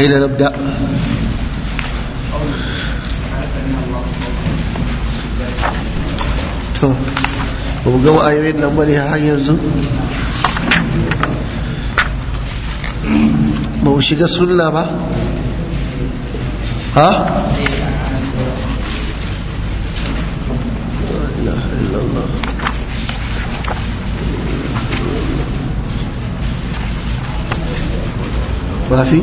أين نبدأ وقوى آيوين لما لها حيز موشيك سنة با ها ما في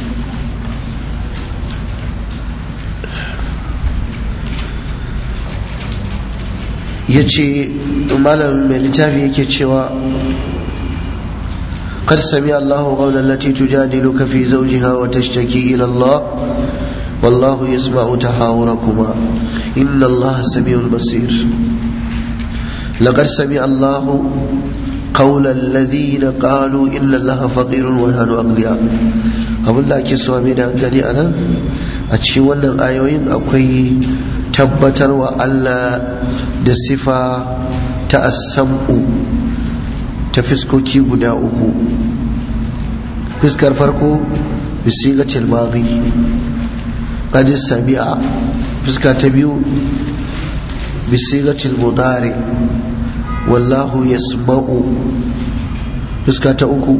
ya ce malam mai littafi yake cewa قد سمع الله قول التي تجادلك في زوجها وتشتكي إلى الله والله يسمع تحاوركما إن الله سميع بصير لقد سمع الله قول الذين قالوا إن الله فقير ونحن أغنياء abin da ake so mai da hankali a nan a cikin wannan ayoyin akwai tabbatar wa Allah da sifa ta asabu ta fiskoki guda uku fiskar farko bisigatil madi qadis sabi'a fiska ta biyu bisigatil mudari wallahu yasma'u fiska ta uku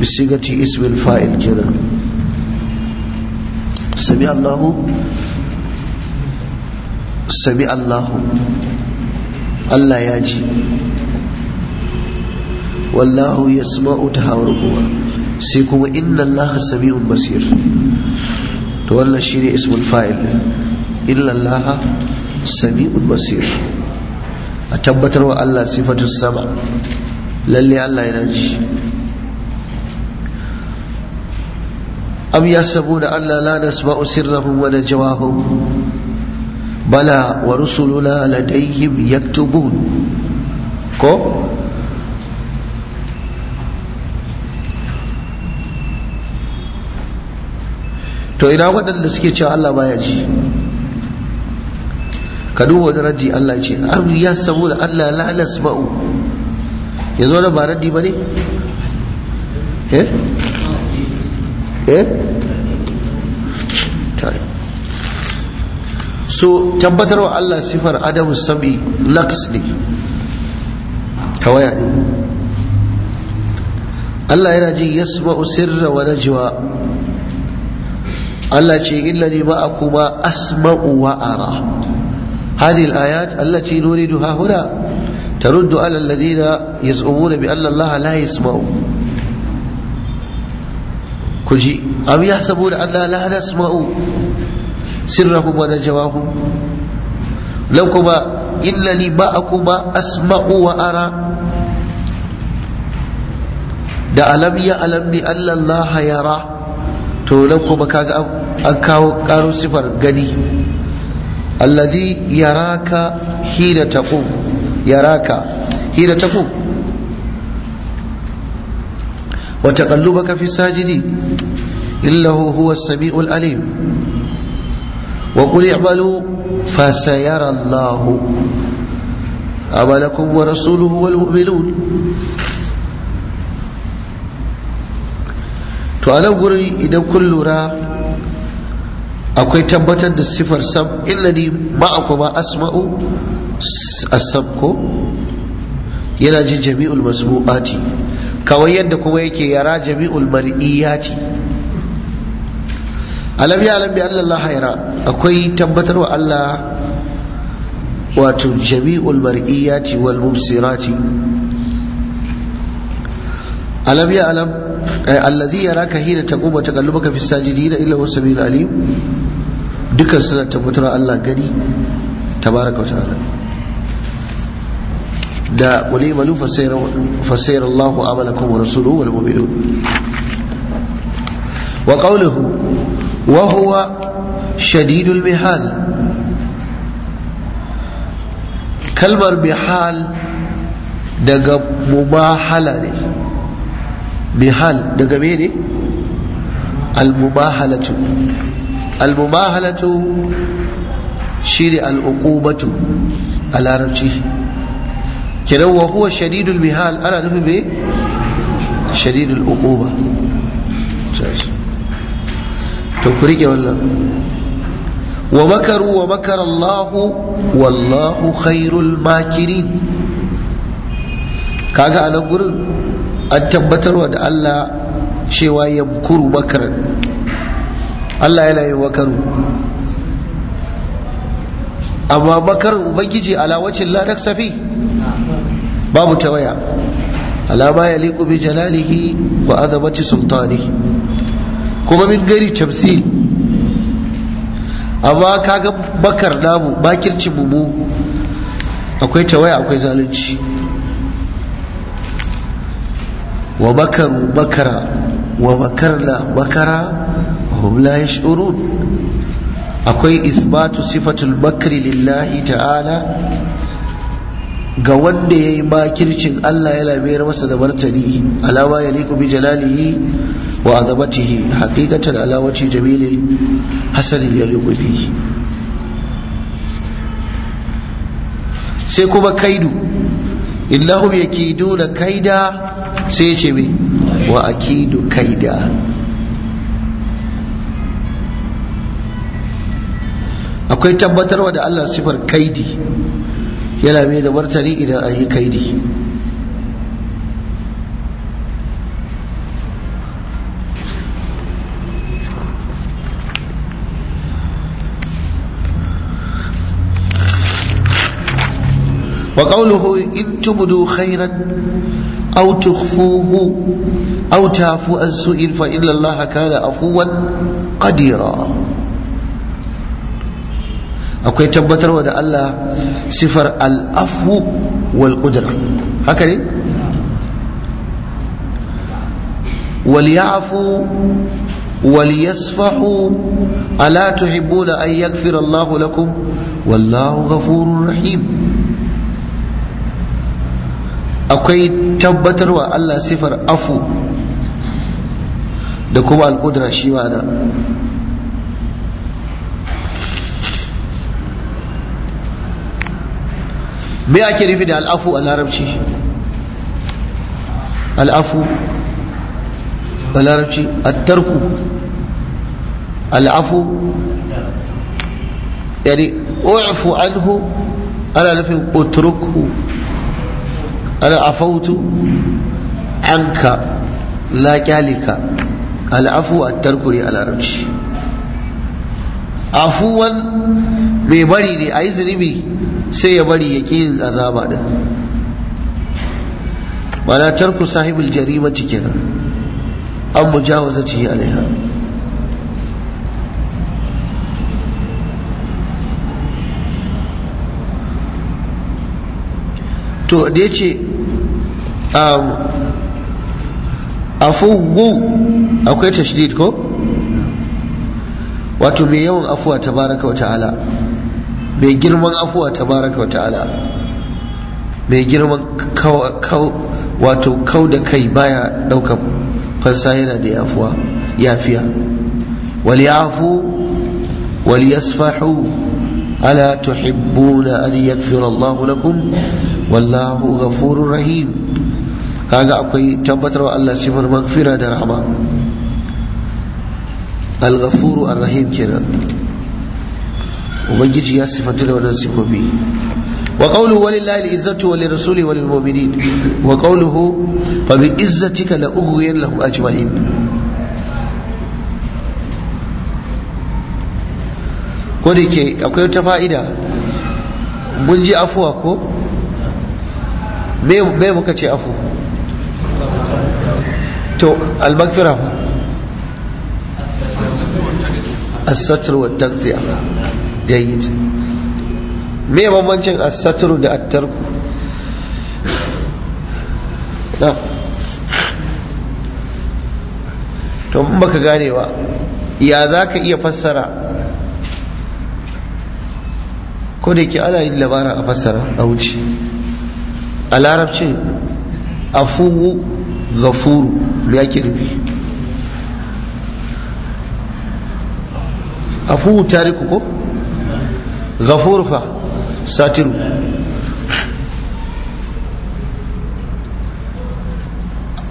bisigati ismil fa'il kira sami Allahu sami Allahu Allah ya ji wallahu ya Sama'u ta yasma'u kuma, sai kuma inna Allah sami'un basir to wannan shine ismul fa'il illa Allah sami'un basir a tabbatar wa Allah sifatun sama lalle Allah yana ji am ya yasabuna alla la nasma'u sirrahum wa najwahum bala wa rusuluna ladayhim yaktubun ko to ina waɗanda suke cewa Allah baya ji ka duba wani raddi Allah ce an ya samu da Allah la nasma'u ya zo da ba raddi ba ne eh eh time so tabbatar wa Allah sifar adamu sabi laks ne tawaya ne Allah yana ji yasma'u sirra wa najwa Allah ce illani kuma asma'u wa ara هذه الآيات التي نريدها هنا ترد على الذين يزعمون بأن الله لا يسمع كجي أم يحسبون أننا لا nasma'u. sirrahum wa najwahum law kuma illani ma'akuma asma'u wa da alam ya alam bi allallaha yara to law kaga an kawo karo sifar gani alladhi yaraka hina taqum yaraka hina taqum wa taqallubaka fi sajidi illahu huwa as-sami'ul alim وقل اعملوا فسيرى الله عملكم ورسوله والمؤمنون to a nan guri idan kun lura akwai tabbatar da sifar sam illani ma akwai ma asma'u asab ko yana ji jami'ul masbu'ati kawai yadda kuma yake yara jami'ul mar'iyati alam ya alam bi Allah haira akwai tabbatarwa Allah wato jami'ul mar'iyyati wal mubsirati alam ya alam ay eh, alladhi yaraka hina taqumu taqallubaka fi sajidina illa huwa samiul alim duka suna tabbatarwa Allah gani tabaraka wa ta'ala da wali malu fasayar allahu amalakum wa rasuluhu wal mu'minun wa qawluhu وهو شديد البحال kalmar mihal daga mubahala ne bihal daga mene al-mubahalatu al-mubahalatu shine al-uqubatu a larabci kenan wahuwa huwa shadidul bihal ana nufi me shadidul to ku rike wannan wa makaru wa makara Allahu wallahu khairul makirin kaga a nan gurin an da Allah cewa yamkuru makaran Allah yana yin makaru amma makar ubangiji ala wacin ladak safi babu tawaya alama ya liku bi kuma min gari tamsil amma kaga bakar namu bakir mu akwai tawaya akwai zalunci wa bakaru bakara wa bakarna bakara hum la yash'urun akwai isbatu sifatul bakri lillahi ta'ala ga wanda ya yi makircin Allah ya labe masa da martani alama ya liku bi jalalihi وعظمته حقيقة على وجه جميل حسن يليق به sai kuma kaidu innahum yakiduna kaida sai ya ce me wa akidu kaida akwai tabbatarwa da Allah sifar kaidi yana mai da martani idan an yi kaidi وقوله إن تبدوا خيرا أو تخفوه أو تعفو عن سوء فإن الله كان عفوا قديرا akwai tabbatarwa da Allah sifar al'afu wal qudra haka ne wal ya'fu wal yasfahu ala tuhibbuna an yaghfira Allah lakum wallahu ghafurur rahim akwai tabbatarwa Allah sifar afu da kuma alƙudura shi ma da me ake nufi da al'afu a larabci al'afu a larabci a tarku? al'afu yani u'fu anhu ana nufin utrukhu ana afautu anka la kyalika al'afu a tarkuri a larabci afuwan mai bari ne a yi zunubi sai ya bari ya ƙi yin azaba din mana tarku sahibul jarimati kenan an yi alaiha to da ce. Um, afuwu akwai tashdid ko wato mai yawan afuwa tabaraka wa ta'ala mai girman afuwa tabaraka wa ta'ala mai girman wato kau da kai baya ɗaukar fansa yana da yafuwa yafiya waliyafu waliyasfahu ala tuhibbuna an yaghfira Allah lakum wallahu ghafurur rahim kaga akwai tabbatarwa Allah sifar magfira da rahama al-ghafuru ar-rahim kenan ubangiji ya sifanta da wannan sifofi wa qawluhu walillahi al-izzatu wa lirrasuli wa lilmu'minin wa qawluhu fa bi izzatika la ughwiyannahum lahum ajma'in ko da ke akwai wata fa'ida mun ji afuwa ko bai muka ce afu to almakfira as-satr wa ya yi jayyid me bambancin as-satr da at na to in baka ganewa ya za ka iya fassara ko da ke ana yin labarin a fassara a wuce a larabcin afuwu gafuru ya ke nufi afuwu tariku ko zafuru fa satiru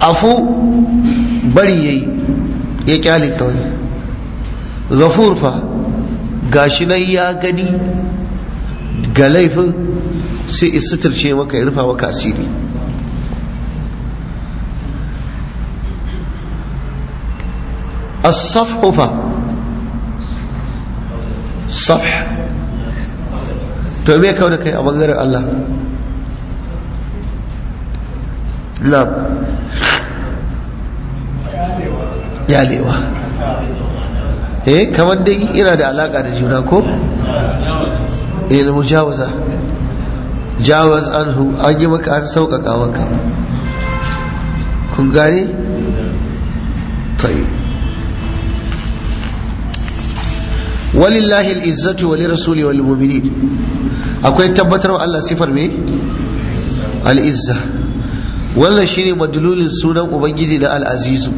afu bari yi ya kyale kawai zafuru fa gashi nan ya gani ga laifin sai ya suturce maka ya rufa maka asiri as-safhu safh to me kawo da kai a bangaren Allah na yalewa eh kamar dai ina da alaka da juna ko eh mujawaza jawaz anhu an yi maka an sauƙaƙa maka kun gane tayi walillahi al'izzatu wa rasuli wal mu'minin akwai tabbatar Allah sifar me al'izza wannan shine madlulin sunan ubangiji na al'azizu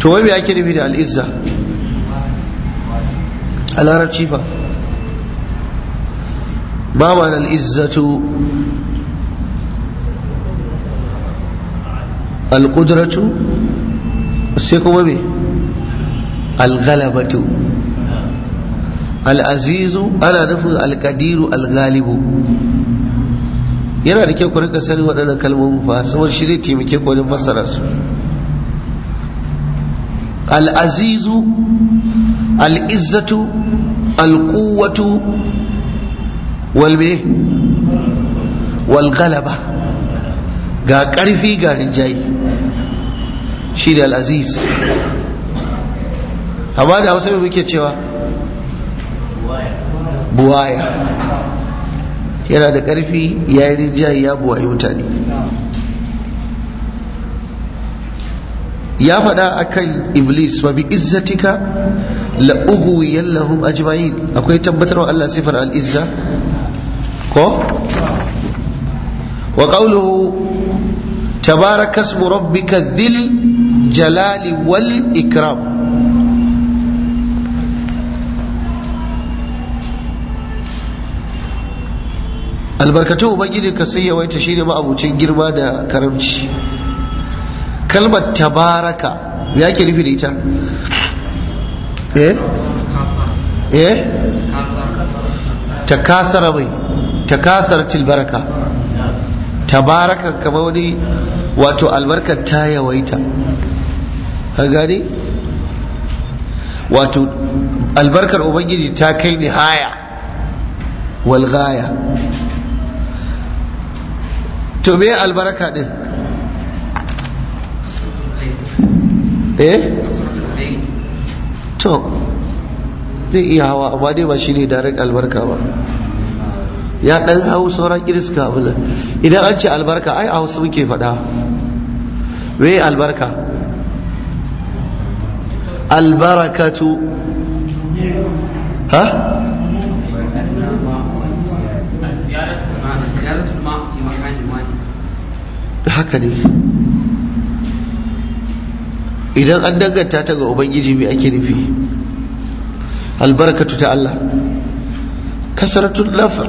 to wai me ake nufi da al'izza a larabci cifa. ما معنى العزة القدرة سيكم به الغلبة العزيز أنا نفر القدير الغالب yana da kyau ku rika sani waɗannan kalmomin fa saboda shi zai taimake ku wajen fassara su al'azizu al'izzatu al'uwatu walbe walgalaba ga ƙarfi ga rinjayi shi da al'aziz amma da hausa mai muke cewa buwaya yana da ƙarfi ya yi rinjayi ya buwayi mutane ya faɗa akan iblis fa bi izzatika la'uhu ughwiyallahum ajma'in akwai tabbatarwa Allah sifar al ko wa qawluhu tabaraka ismu rabbika dhil jalali wal ikram albarkatu ubangiji ka sai yawaita shine abucin girma da karamci kalmar tabaraka me ake nufi da ita eh eh ta kasara mai takasaratil baraka tabarakan kama wani wato albarkar ta yawaita ka gani wato albarkar ubangiji ta kai nihaya wal gaya to me albarka din eh to zai iya hawa amma dai ba shi ne direct albarka ba ya dan hau sauran iriska abin idan an ce albarka ai a wasu muke faɗa me albarka albarakatu ha haka ne idan an danganta ta ga ubangiji mai ake nufi albarkatu ta Allah kasaratun lafar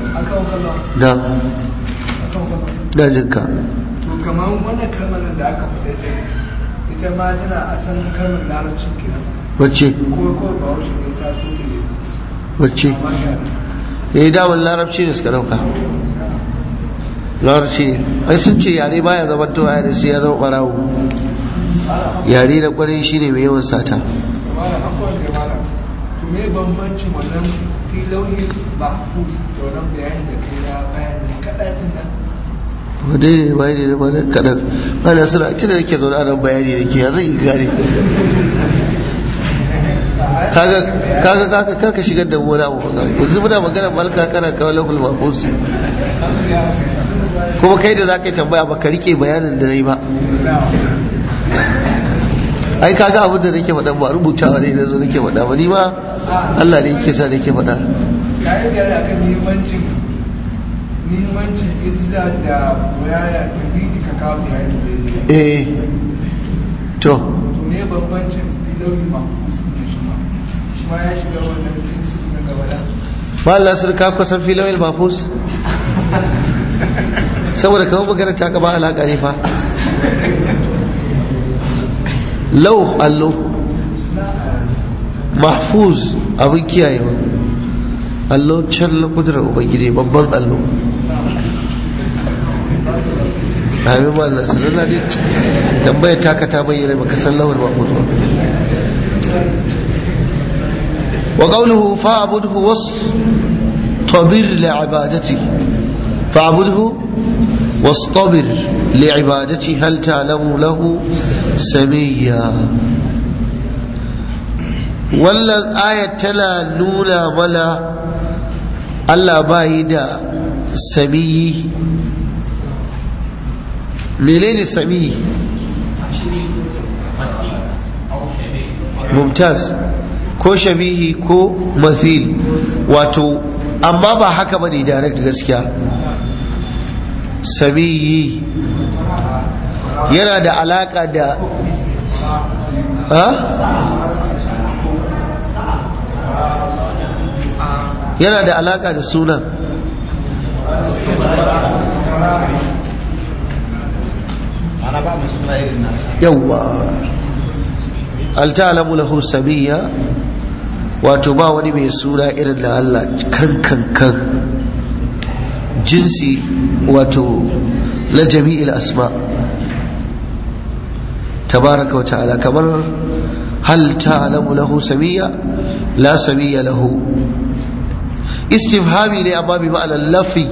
da da jinka to kamar wani kamar da aka fita ta ita ma tana a asan kalmar larabcin kenan wacce ko ko ba wasu ne sa su ta wacce eh daman larabci ne suka dauka larabci ne ai sun ce yare ba ya zama to a sai ya zama barawo yare da kwarai shine mai yawan sata to me bambancin wannan fi launin mahfuz da wannan bayanin da kai na bayanin kaɗan nan ba daidai ba ba da kaɗan ana suna tuna da zaune a nan bayani da ke ya zai gane kaga kaga karka shigar da mu abu yanzu muna magana malka kana kawai lahul mahfuz kuma kai da za ka yi tambaya ba ka rike bayanin da na yi ba ai kaga abin da nake faɗa ba rubutawa ne da zo nake faɗa ba ni ma Allah ne yake sa nake faɗa kayan da aka muhimmancin nimanci izza da wayaya da bidi ka kawo ya yi eh to ne bambancin filomi ma da shi ma shi ma ya shiga wannan prinsip na gaba da Allah sun ka kusan filomi mafus saboda kawo magana ta gaba alaƙa ne fa لو قال له محفوظ ابھی کیا ہے قال له چل لو قدر ہو بھائی جی ببر قال له ابھی بول رہا صلی اللہ علیہ تمبے تا کا تمبے یہ مکہ صلی اللہ علیہ وسلم وقوله فاعبده واصطبر لعبادتي فاعبده واصطبر لعبادتي هل تعلم له سميا wannan ayat tana nuna mana Allah bayi da samiyi menene samiyi mumtaz ko shabihi ko mathil wato amma ba haka bane direct gaskiya samiyi yana da alaka da yana da alaka da suna yawwa altalamu lahu samiyya wato ba wani mai suna irin da Allah kan kan kan jinsi wato la jami'il asma tabaraka wa ta'ala kamar hal ta'lamu lahu samiyya la samiyya lahu istifhami ne amma bi ma'ana lafi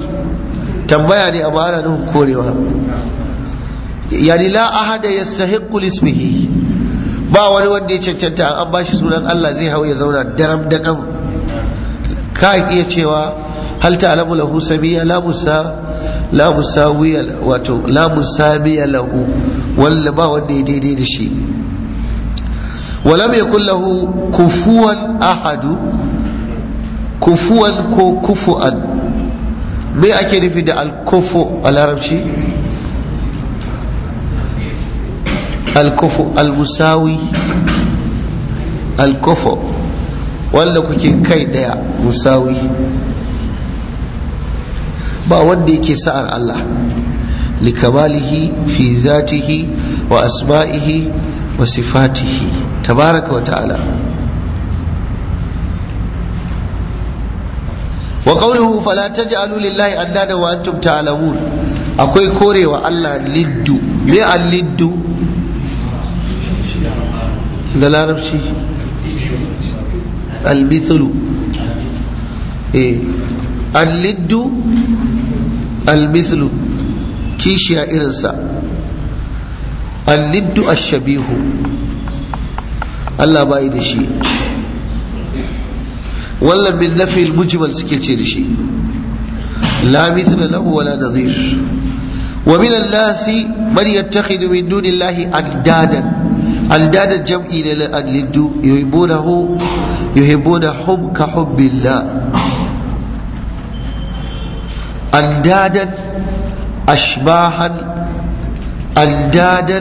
tambaya ne a ana nufin korewa yani la ahada yastahiqqu lismihi ba wani wanda ya cancanta an bashi sunan Allah zai hau ya zauna daram da kan ka iya cewa hal ta'lamu lahu samiyya la musa la musawiya wato la musabiya lahu walla ba wanda ya daidai da shi walam yakul lahu kufuwan ahadu kufuwan ko kufu'an me ake nufi da al-kufu a larabci al-kufu al-musawi al-kufu wanda kuke kai daya musawi ba wanda yake sa'ar Allah likamalihi fi zatihi wa asma'ihi wa sifatihi tabaraka wa ta'ala wa qawluhu fala taj'alu an andada wa antum ta'lamun akwai korewa Allah liddu me an liddu da larabci al-mithlu eh al-liddu almithlu kishiya irinsa alliddu ashabihu Allah bayi da shi wallan bin nafi mujmal suke ce da shi la mithla lahu wala nadhir wa min allasi man yattakhidhu min dunillahi addadan aldadan jam'i ne lil adliddu yuhibbuna yuhibbuna hubka hubbillah أندادا أشباها أندادا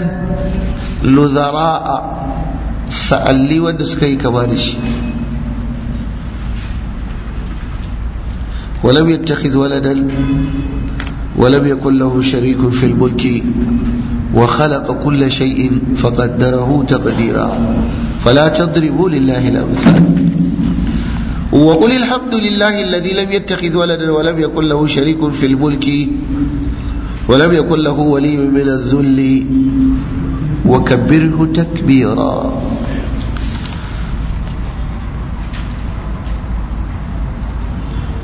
لذراء sa'alli wanda suka yi kama da shi ولم يتخذ ولدا ولم يكن له شريك في الملك وخلق كل شيء فقدره تقديرا فلا تضربوا لله الأمثال وقل الحمد لله الذي لم يتخذ ولدا ولم يكن له شريك في الملك ولم يكن له ولي من الذل وكبره تكبيرا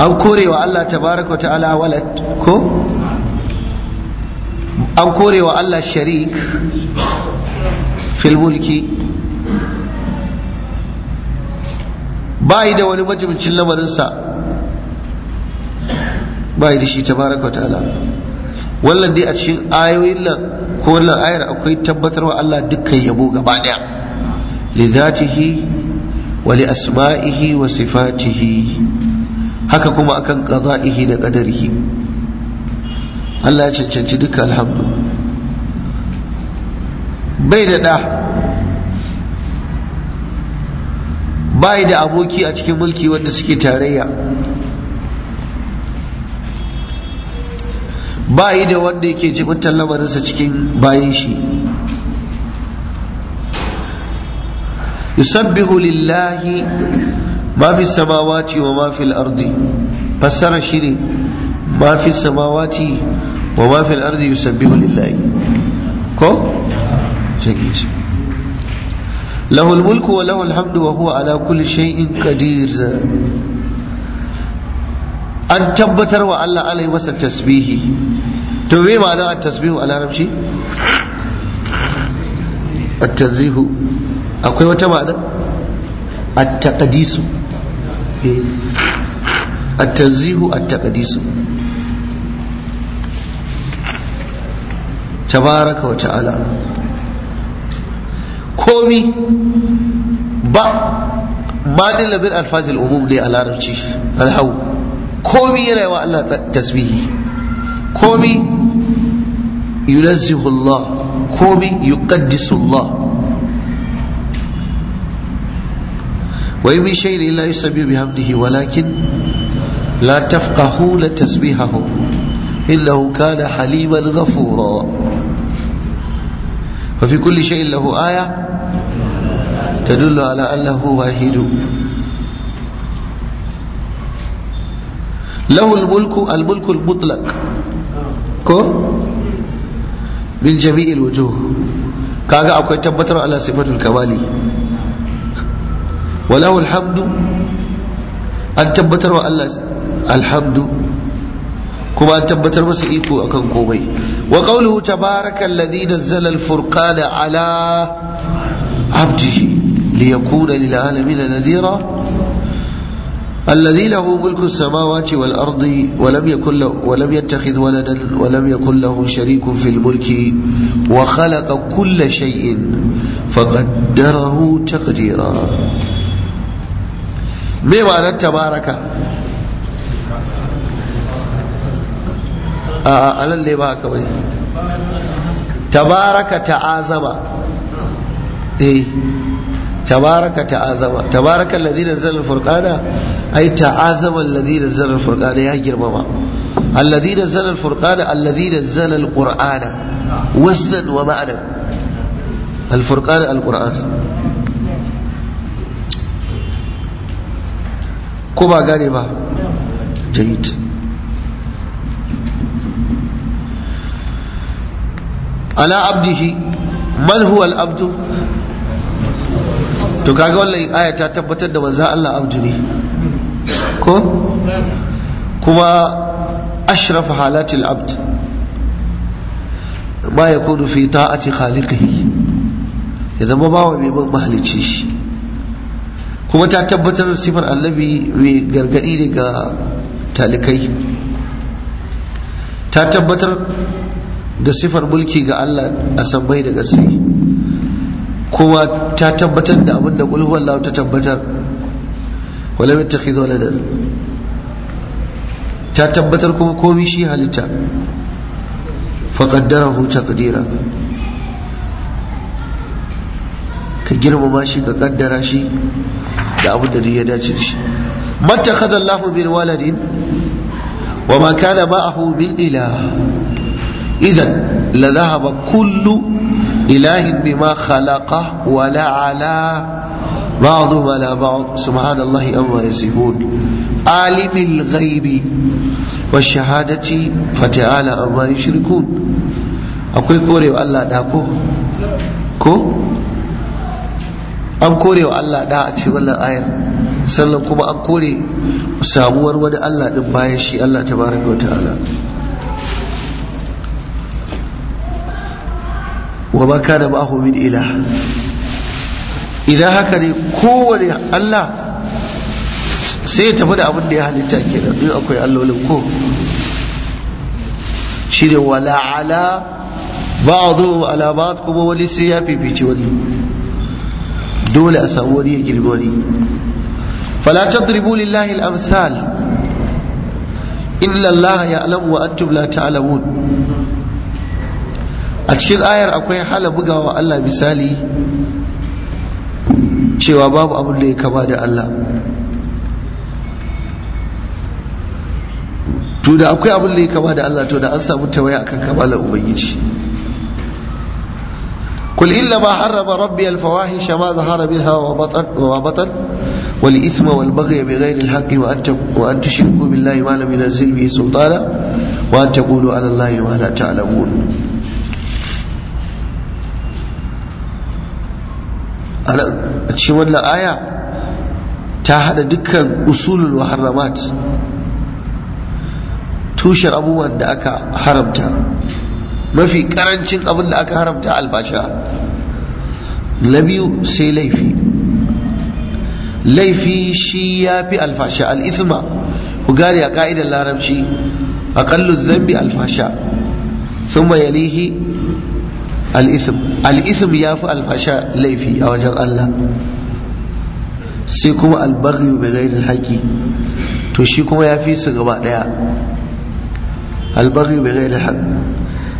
أو كوري Allah تبارك وتعالى ولد كو أو كوري Allah شريك في الملك ba yi da wani majibincin lamarinsa ba yi da shi tabaraka ta'ala wannan dai a cikin ayoyin nan ko wannan ayar akwai tabbatarwa Allah dukkan yabo gaba daya li zatihi wa li asma'ihi wa sifatihi haka kuma akan qada'ihi da qadarihi Allah ya cancanci duka alhamdu bai da da bai da aboki a cikin mulki wanda suke tarayya bai da wanda yake jibintar lamarinsa cikin bayan shi yusabbihu lillahi ma fi samawati wa ma fil ardi fassara shine ma fi samawati wa ma fil ardi yusabbihu lillahi ko ce lahul mulku wa lahul hamdu wa huwa ala kulli shay'in qadir an tabbatar wa Allah alai masa tasbihi to me ma'ana at-tasbihu a larabci at-tanzihu akwai wata eh. tabaraka komi ba badin labin alfazil umum ne a larabci alhau komi yana yawa Allah tasbihi komi yunazzihu Allah komi yuqaddisu Allah wa yi min shayin illa yusabbihu bihamdihi walakin la tafqahuna tasbihahu innahu kana haliman ghafura ففي كل شيء له آية تدل على أنه واحد له الملك الملك المطلق كو بالجميع الوجوه كاغا أكو تبتر على صفة الكمال وله الحمد أن تبتر الله الحمد كما أن تبتر مسئيكو أكن كومي وقوله تبارك الذي نزل الفرقان على عبده ليكون للعالمين نذيرا الذي له ملك السماوات والأرض ولم يكن له ولم يتخذ ولدا ولم يكن له شريك في الملك وخلق كل شيء فقدره تقديرا ما معنى تبارك أنا اللي معك بني تبارك تعازم إيه tabaraka ta'azama tabaraka alladhi nazzala al-furqana ay ta'azama alladhi nazzala al-furqana ya girmama alladhi nazzala al-furqana alladhi nazzala wasnan wa ma'nan al-furqan al-qur'an ba ala to kaga wannan aya ta tabbatar da manzan Allah abdu ne ko kuma ashraf halatil abd ya kudu fi ta'ati khaliqihi ya zama bawa mai mahalicci shi kuma ta tabbatar da sifar annabi mai gargadi ne ga talikai ta tabbatar da sifar mulki ga Allah a sammai da gaske kowa ta tabbatar da abin da kulhuwallahu ta tabbatar wala mai tafi waladan ta tabbatar kuma komi shi halitta faƙaddarahu taqdira ka girmama shi ka ƙaddara shi da abin da ya dace da shi mata kada Allahu min waladin wa ma kana ma'ahu min ilah idan la dhahaba kullu إله بما خلقه ولا على بعضهم على بعض سبحان الله أما يصفون عالم الغيب والشهادة فتعالى أما يشركون أقول كوري الله داكو كو an kore wa Allah da a ce wannan ayar sannan kuma an kore sabuwar wani Allah din bayan shi Allah tabaraka wa ta'ala wa ma kana ma'ahu min ila idan haka ne kowane Allah sai ya tafi da abin da ya halitta kenan in akwai allolin ko shi ne wala ala ba'adu ala ba'ad kuma wani sai ya fifici wani dole a samu wani ya girbi wani fala tadribu lillahi al-amsal illa Allah ya'lamu wa antum la ta'lamun a cikin ayar akwai hala bugawa Allah misali cewa babu abin da ya kama da Allah to da akwai abin da ya kama da Allah to da an samu tawaya akan kamalar ubangiji قل إنما حرم ربي الفواحش ما ظهر منها وبطن وبطن والإثم والبغي بغير الحق وأن تشركوا بالله ما لم ينزل به سلطانا وأن تقولوا على الله ما لا تعلمون a cikin wannan aya ta hada dukkan usulul muharramat tushen abubuwan da aka haramta mafi karancin abin da aka haramta albasha na biyu sai laifi laifi shi ya fi alfasha al'isma ku gane a ka'idar larabci aƙallu zambi alfasha sun yalihi al'isim al'isim ya fi alfasha laifi a wajen Allah sai kuma albaghi mai ghairi alhaqi to shi kuma ya fi su gaba ɗaya, albaghi bi ghairi alhaq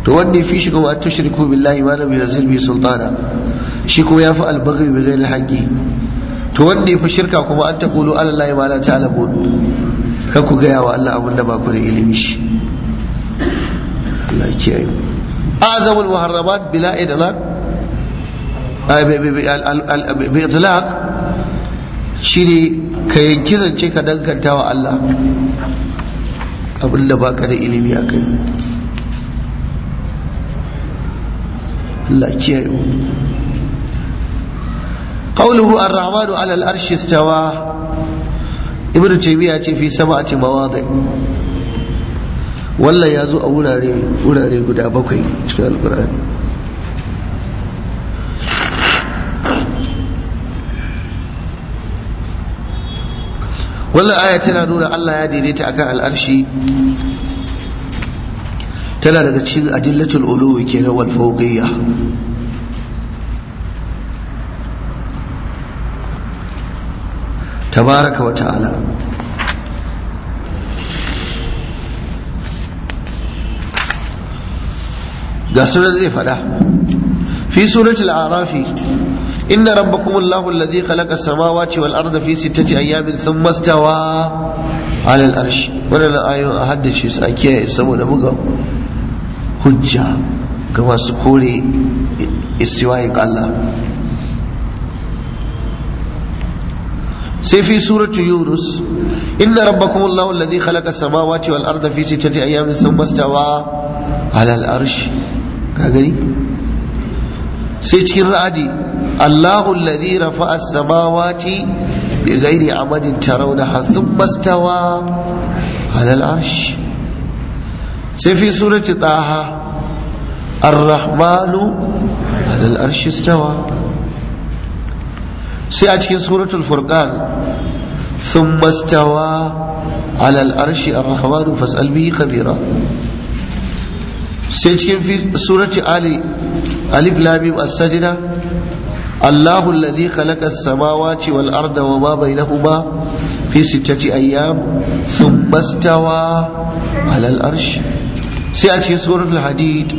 to wanda fi shi gaba tushriku billahi ma lam yunzil bi sultana shi kuma ya fi albaghi bi ghairi alhaqi to wanda ya fi shirka kuma an taqulu ala allahi ma la ta'lamun ka ku gaya wa Allah abinda ba ku da ilimi shi Allah ya kiyaye mu أعظم المحرمات بلا إدلاق بإطلاق shine ka yanki zance ka dankanta wa Allah abinda da ilimi a kai Allah kiyaye qawluhu ar-rahmanu 'ala al-arshi istawa ibnu taymiya ce fi wallan ya zo a wurare guda bakwai cikin alkur'ani wallan aya tana nuna allah ya daidaita akan al'arshi tana daga cikin adillatul uluwi kenan wal fawqiyya tabaraka wa ta'ala ga sunan zai faɗa fi suratul arafi inna rabbakum allahu alladhi khalaqa as-samawati wal arda fi sittati ayamin thumma istawa ala al-arsh wannan ayoyin a haddace su a kiyaye saboda buga hujja ga masu kore istiwa'i Allah sai fi suratu yunus inna rabbakum allahu alladhi khalaqa as-samawati wal arda fi sittati ayamin thumma istawa ala al-arsh gani sai cikin ra'adi Allahu alladhi rafa'a as-samawati bi ghairi amadin tarawnaha thumma istawa 'ala al-'arsh sai fi surati taha ar-rahmanu 'ala al-'arsh istawa sai a cikin suratul furqan thumma istawa 'ala al-'arshi ar-rahmanu fas'al bihi khabira sai cikin surati ali alif lamim as-sajda Allahu alladhi khalaqa as-samawati wal arda wa ma bainahuma fi sittati ayyam thumma istawa 'ala al-arsh sai a cikin suratul hadid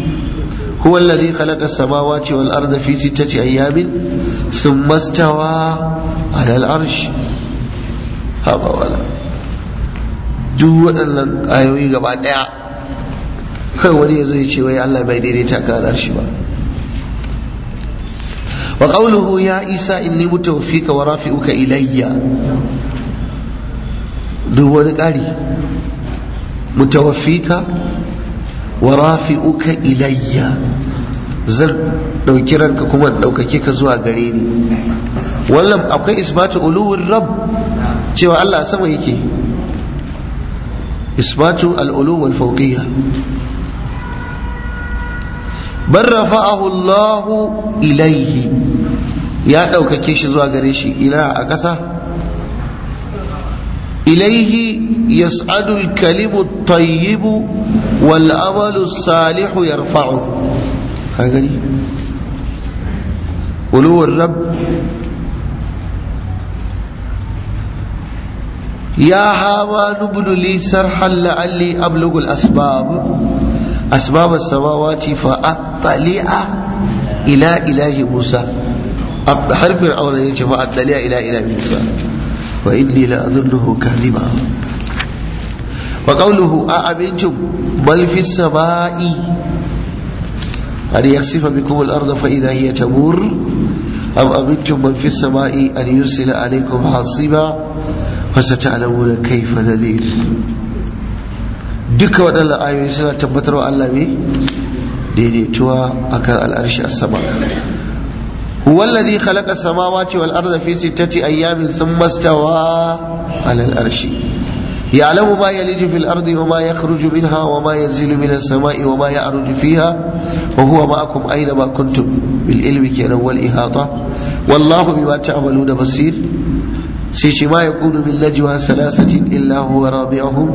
huwa alladhi khalaqa as-samawati wal arda fi sittati ayyamin thumma istawa 'ala al-arsh haba wala duk waɗannan ayoyi gaba ɗaya kai wani zo ya ce wai Allah bai daidaita ka al'arshi ba wa qawluhu ya isa inni mutawfika wa rafi'uka ilayya duk wani ƙari mutawaffika wa rafi'uka ilayya zan ɗauki ranka kuma ɗaukake ka zuwa gare ni wannan akwai isbatu uluwin rab cewa Allah sama yake isbatu al'ulu wal fawqiyya bar rafa'ahu Allahu ilaihi ya ɗaukake shi zuwa gare shi ila a ƙasa ilaihi yas'adu al-kalimu at-tayyibu wal amalu salihu yarfa'u ka gani uluwar rabb ya hawa nubnu li la'alli ablughu al asbabas samawati fa attali'a ila ilahi musa har fir'auna ya ce fa attali'a ila ilahi musa wa inni la azunnuhu kadhiba wa qawluhu a abintum bal fi samai an yaksifa bikum al-ardha fa idha hiya an hasiba فستعلمون كيف نذير duka waɗannan ayoyi suna tabbatarwa Allah ne daidaituwa a kan al'arshi a sama wallazi khalaqa samawati wal arda fi sittati ayyamin thumma mastawa ala al arshi ya'lamu ma yalidu fil ardi wa ma yakhruju minha wa ma yanzilu minas samai wa ma ya'ruju fiha wa huwa ma'akum aina ma kuntum bil ilmi kana wal ihata wallahu bima da basir sai ce ma yakunu min najwa salasatin illa huwa rabi'uhum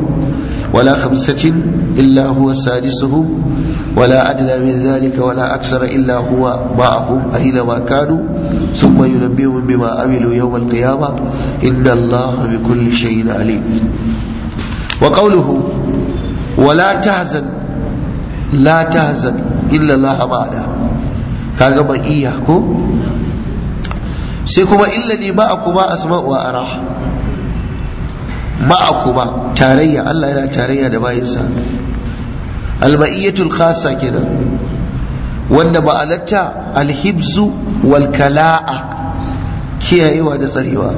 wala khamsatin illa huwa sadisuhum wala adna min dhalika wala aksara illa huwa ma'ahum aina ma kanu thumma yunabbihum bima amilu yawm al-qiyamah inna allaha bikulli shay'in alim wa qawluhu wala tahzan la tahzan illa allaha ma'ana kaga ba iya ko sai kuma illani ma'akuma asma'u wa ara ma'akuma tarayya Allah yana tarayya da bayinsa alma'iyyatul khassa kenan wanda ma'anarta alhibzu wal kala'a kiyayewa da tsarewa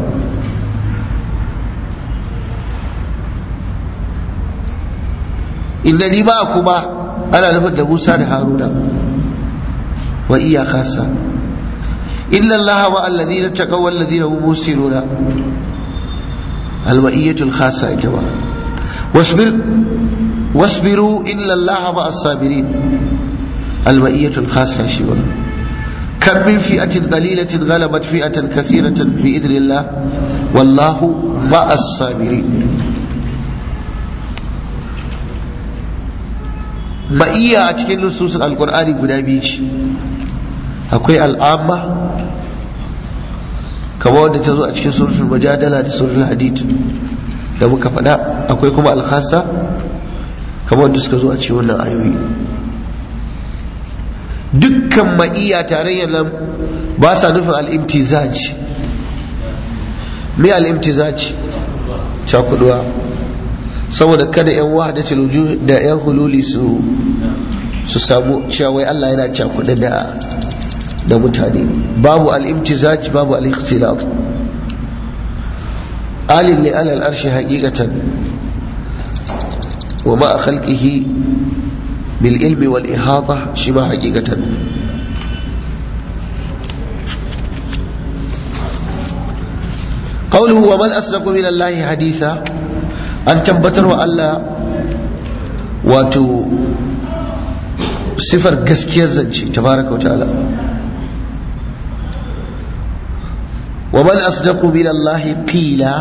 inda ni ba kuma ana nufin da musa da haruna wa iya khassa إلا الله والذين اتقوا والذين هم محسنون الوئية الخاصة يا جماعة واصبر واصبروا إلا الله مع الصابرين الوئية الخاصة يا شباب كم من فئة قليلة غلبت فئة كثيرة بإذن الله والله مع الصابرين ma'iyya a cikin nususun alkur'ani guda biyu ce akwai al'amma kama wanda ta zo a cikin surutun majadala da surutun hadith da muka faɗa akwai kuma alkhasa kama wanda suka zo a cikin wannan ayoyi dukkan ma'iya tarayyar nan ba sa nufin al'imtizaj me al'imtizaj cakuduwa saboda kada yan wahadatul wujuh da yan hululi su su samu cewa wai Allah yana cakuɗa da da mutane babu al’imtizaj babu al’ikhtilaf alin ne alal arshi hakikatan wa ma a khalqihi bil ilmi wal ihata shi ma hakikatan qawluhu wa mal asraku ila allahi an tabbatar wa allah wato sifar gaskiyar zance tabaraka wa wa man asdaqu min Allah qila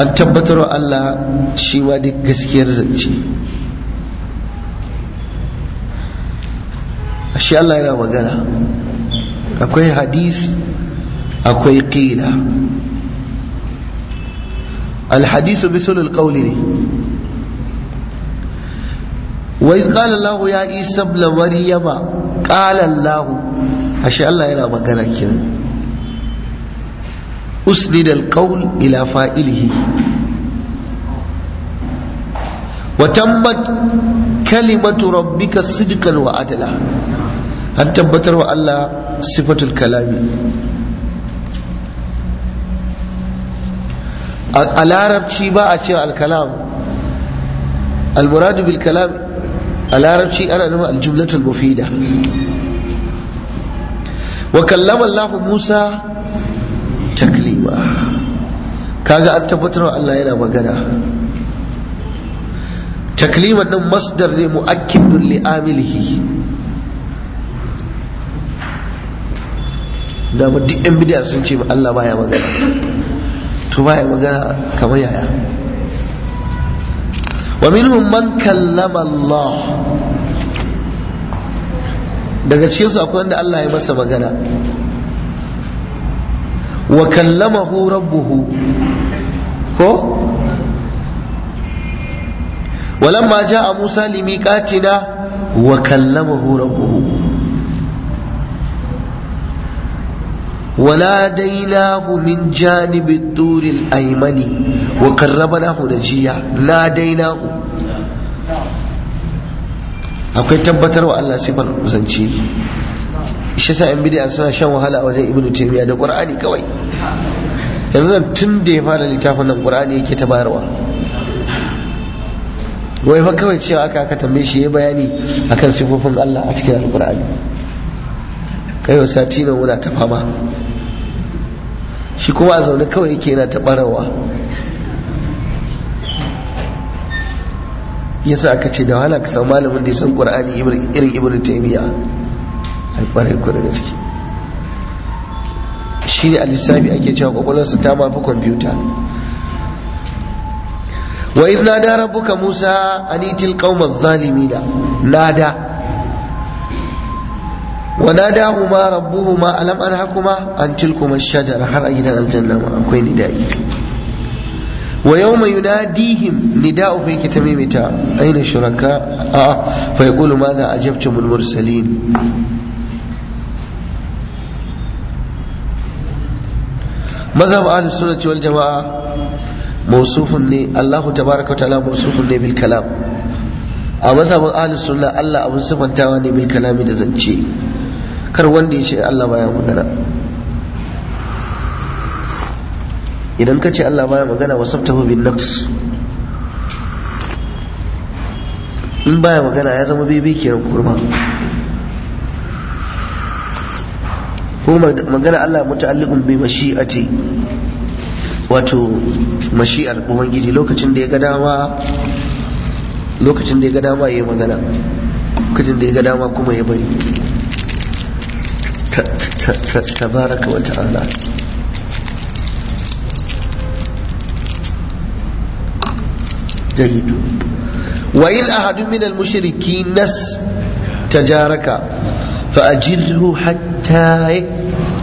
an tabbatar Allah shi wa duk gaskiyar zance shi Allah yana magana akwai hadis akwai الحديث مثل القول لي وإذ قال الله يا عيسى ابن مريم قال الله أشياء الله إلى مكانك أسند القول إلى فائله وتمت كلمة ربك صدقا وعدلا أن تبتر الله صفة الكلام العربشي ما أشياء الكلام المراد بالكلام العربشي أنا نوع الجملة المفيدة وكلم الله موسى kaga an tabbatar Allah yana magana taklima din masdar ne mu'akkidun li amilihi da duk yan bidiyar sun ce Allah baya magana to baya magana kamar yaya wa minhum man kallama Allah daga su akwai wanda Allah ya masa magana wa kallamahu rabbuhu ko walamma jaa musa limiqatina wa kallamahu rabbuhu وناديناه من جانب الطور الأيمن وقربناه نجيا ناديناه akwai tabbatar wa Allah sifar kusanci shi sa yan bid'a suna shan wahala a wajen ibnu taymiya da qur'ani kawai yanzu zan tun da ya fara littafin nan qur'ani yake ta bayarwa wai fa kawai cewa aka aka tambaye shi ya bayani akan sifofin Allah a cikin alqur'ani kai wa sati nan wuna ta fama shi kuma a zaune kawai yake yana ta barawa yasa aka ce da wahala ka samu malamin da ya san qur'ani irin ibnu taymiya a ƙwarai ku da gaske shi ne a lissafi ake cewa ƙwaƙwalwarsa ta mafi kwamfuta wa idh nada rabbuka musa an itil qauma adh-dhalimina nada wa nadahuma rabbuhuma alam anhakuma an tilkuma ash-shajara har a gidan aljanna ma akwai nida'i wa yawma yunadihim nida'u fi kitabimita aina shuraka fa yaqulu madha ajabtum al-mursalin mazhab ahlus sunnati wal jama'a mawsufun ne Allah tabaraka ta'ala mawsufun ne bil kalam a mazhabin ahlus sunna Allah abun sifantawa ne bil kalami da zance kar wanda ya ce Allah baya magana idan ka ce Allah baya magana sabtahu bin nafs in baya magana ya zama bebe kenan kurma kuma magana Allah muta'alliqun bi mashi'ati wato mashi'ar ubangiji lokacin da ya ga dama lokacin da ya ga dama ya magana lokacin da ya ga dama kuma ya bari tabaraka wa ta'ala جيد وإن أحد من المشركين نس تجارك فأجره حتى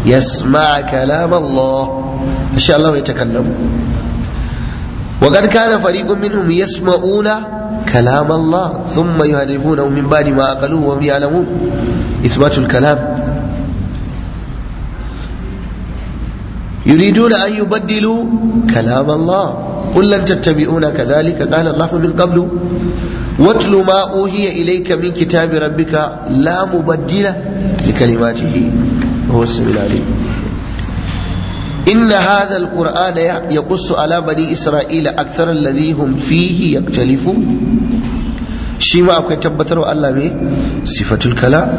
يسمع كلام الله إن شاء الله يتكلم وقد كان فريق منهم يسمعون كلام الله ثم يهرفونه من بعد ما أقلوه وهم يعلمون إثبات الكلام يريدون أن يبدلوا كلام الله قل لن تتبعونا كذلك قال الله من قبل واتل ما أوهي إليك من كتاب ربك لا مبدل لكلماته وهو السميع العليم إن هذا القرآن يقص على بني إسرائيل أكثر الذي هم فيه يختلفون شيما أبكي تبتر الله صفة الكلام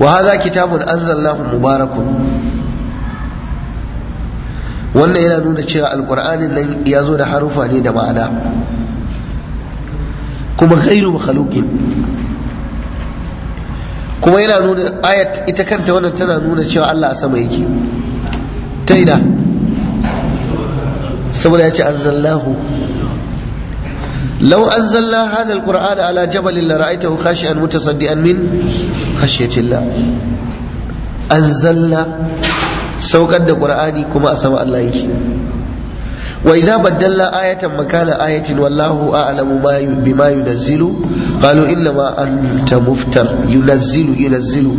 wa hadha kitabun anzalallahu mubarakun wannan yana nuna cewa alqur'anin nan ya zo da harufa ne da ma'ana kuma ghairu makhluqin kuma yana nuna ayat ita kanta wannan tana nuna cewa Allah a sama yake ta ina saboda ya ce anzallahu law anzalna hadha alqur'ana ala jabalin la ra'aytahu khashi'an mutasaddian min khashiyatillah anzalna saukar da qur'ani kuma a sama Allah yake wa idza badalla ayatan makana ayatin wallahu a'lamu bima yunazzilu qalu inna ma anta muftar yunazzilu yunazzilu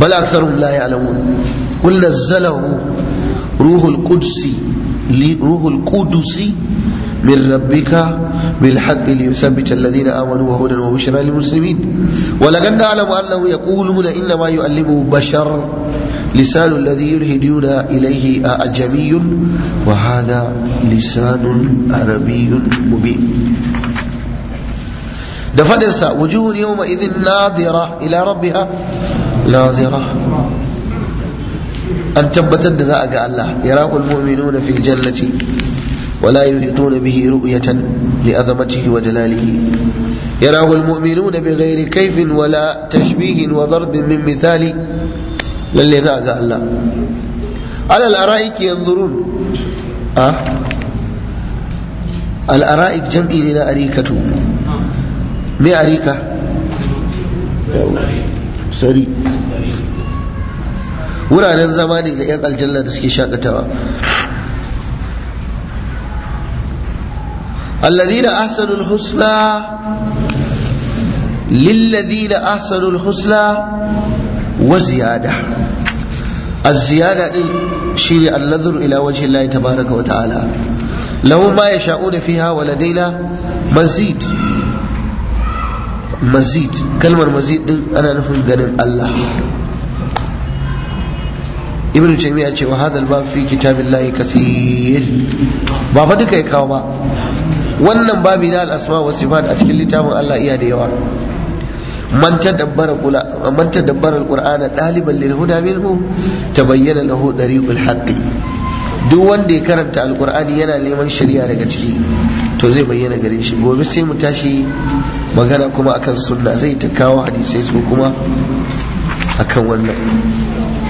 bal aktharuhum la ya'lamun qul nazzalahu ruhul qudsi ruhul qudusi من ربك بالحق ليثبت الذين آمنوا وهدى وبشرى للمسلمين ولقد نعلم أنه يقولون إنما يؤلمه بشر لسان الذي يلهدون إليه أعجمي وهذا لسان عربي مبين دفدرس وجوه يومئذ ناظرة إلى ربها ناظرة أن تبتد ذاك الله يراه المؤمنون في الجنة ولا يحيطون به رؤية لعظمته وجلاله يراه المؤمنون بغير كيف ولا تشبيه وضرب من مثال للذاق الله على الأرائك ينظرون أه؟ الأرائك جمعي لنا أريكة ما أريكة سري wuraren zama ne da 'yan aljanna da suke shakatawa الذين أحسنوا الحسنى للذين أحسنوا الحسنى وزيادة الزيادة شيء النظر إلى وجه الله تبارك وتعالى له ما يشاءون فيها ولدينا مزيد مزيد كلمة مزيد أنا نفهم قلم الله ibn jami'a ce wa hadal ba fi kitabillahi kasir ba fa duka ya kawo ba wannan babi na al'asma wa sifat a cikin littafin Allah iya da yawa man tadabbara al-qur'ana daliban lil huda minhu tabayyana lahu dariqul haqqi duk wanda ya karanta al al-qur'ani yana neman shari'a daga ciki to zai bayyana gare shi gobe sai mu tashi magana kuma akan sunna zai ta kawo hadisai su kuma akan wannan